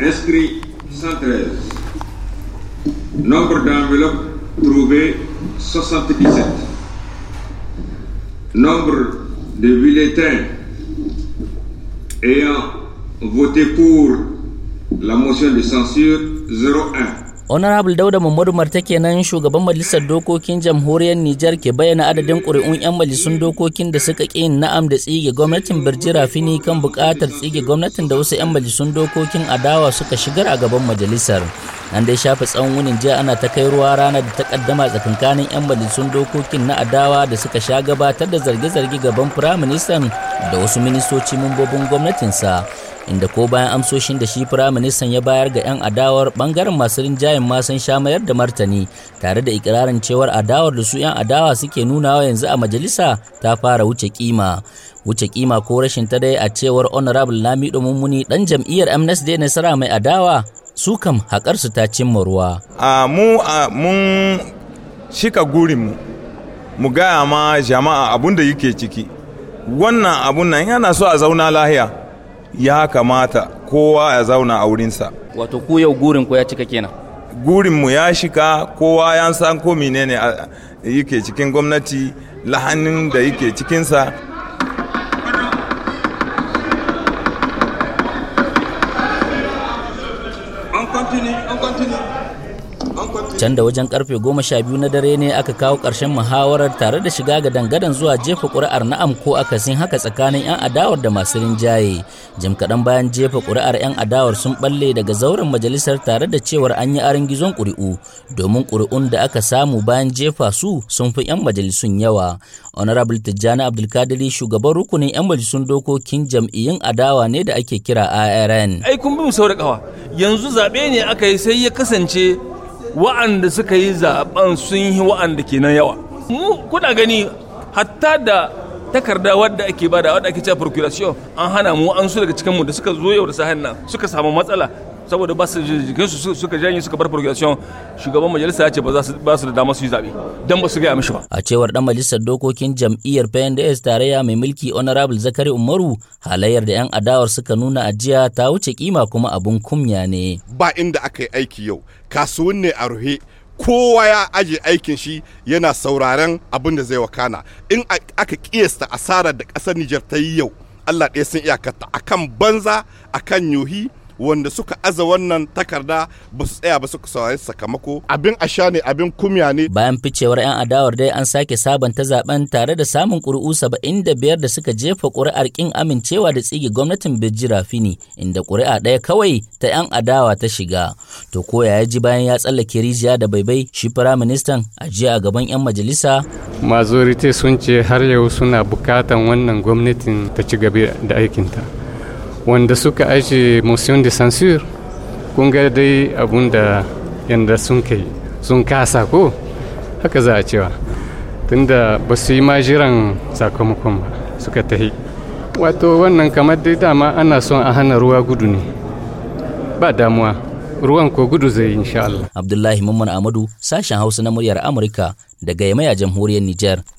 Inscrit 113. Nombre d'enveloppes trouvées 77. Nombre de bulletins ayant voté pour la motion de censure 01. honorable dauda mamadu marta kenan shugaban majalisar dokokin jamhuriyar nijar ke bayyana adadin ƙuri'un 'yan majalisun dokokin da suka ƙi na'am da tsige gwamnatin birjira fini kan buƙatar tsige gwamnatin da wasu 'yan majalisun dokokin adawa suka shigar a gaban majalisar nan dai shafe tsawon wunin jiya ana ta kai ruwa rana da ta kaddama tsakankanin 'yan majalisun dokokin na adawa da suka sha gabatar da zarge-zarge gaban firaministan da wasu ministoci mambobin gwamnatinsa inda ko bayan amsoshin da shi firaministan ya bayar ga 'yan adawar bangaren masu rinjayen ma sun sha mayar da martani tare da ikirarin cewar adawar da su 'yan adawa suke nunawa yanzu a majalisa ta fara wuce kima wuce kima ko rashin ta dai a cewar honorable lamido mummuni dan jam'iyyar amnesty nasara mai adawa su kam haƙarsu ta cimma ruwa a mu a mun shika gurin mu mu gaya ma jama'a abun da yake ciki wannan abun nan yana so a zauna lahiya ya kamata kowa ya zauna a wurinsa wato ku yau gurin ku ya cika kenan gurinmu ya shika kowa ya san ko menene yake cikin gwamnati lahanin da yake cikinsa on continue, Can da wajen karfe goma sha biyu na dare ne aka kawo ƙarshen muhawarar tare da shiga ga dangadan zuwa jefa ƙuri'ar na'am ko akasin haka tsakanin 'yan adawar da masu rinjaye. Jim kaɗan bayan jefa ƙuri'ar 'yan adawar sun balle daga zauren majalisar tare da cewar an yi arin gizon ƙuri'u domin ƙuri'un da aka samu bayan jefa su sun fi 'yan majalisun yawa. Honorable Tijjani Abdulkadiri shugaban rukunin 'yan majalisun dokokin jam'iyyun adawa ne da ake kira ARN. Ai kun bi yanzu zaɓe ne aka yi sai ya kasance wa'anda suka yi zaben sun yi wa'anda ke nan yawa mu kuna gani hatta da takarda wadda ake bada wadda ake cewa procuration an hana mu an su daga cikin mu da suka zo yau da sahan nan suka samu matsala saboda ba su jikin su suka janye suka bar progression shugaban majalisa ya ce ba za su da dama su yi zabe dan ba su ga mishi ba a cewar dan majalisar dokokin jam'iyyar PNDS tarayya mai mulki honorable Zakari Umaru halayyar da yan adawar suka nuna ajiya ta wuce kima kuma abun kunya ne ba inda aka yi aiki yau kasuwan ne a ruhe kowa ya aje aikin shi yana sauraren abin da zai wakana in aka kiyasta asarar da ƙasar Nijar ta yi yau Allah ɗaya sun iyakarta akan banza akan yohi wanda suka aza wannan takarda ba su tsaya ba suka saurari sakamako abin asha ne abin kumya ne bayan ficewar yan adawar dai an sake sabanta zaben tare da samun kuri'u saba'in da biyar da suka jefa ƙuri'ar kin amincewa da tsige gwamnatin Birji Rafini inda kuri'a ɗaya kawai ta yan adawa ta shiga to ko ya ji bayan ya tsallake rijiya da baibai shi firaministan a jiya a gaban yan majalisa mazorite sun ce har yau suna bukatan wannan gwamnatin ta ci gaba da aikinta wanda suka aje motion de censure kun ga dai abun da yanda sun kai sun kasa ko haka za a cewa tunda ba su yi majiran sakamakon ba suka tahi wato wannan kamar dai dama ana son a hana ruwa gudu ne ba damuwa ruwan ko gudu zai yi insha Abdullahi Mamman Amadu sashen Hausa na muryar Amurka daga Yamaya jamhuriyar Nijar.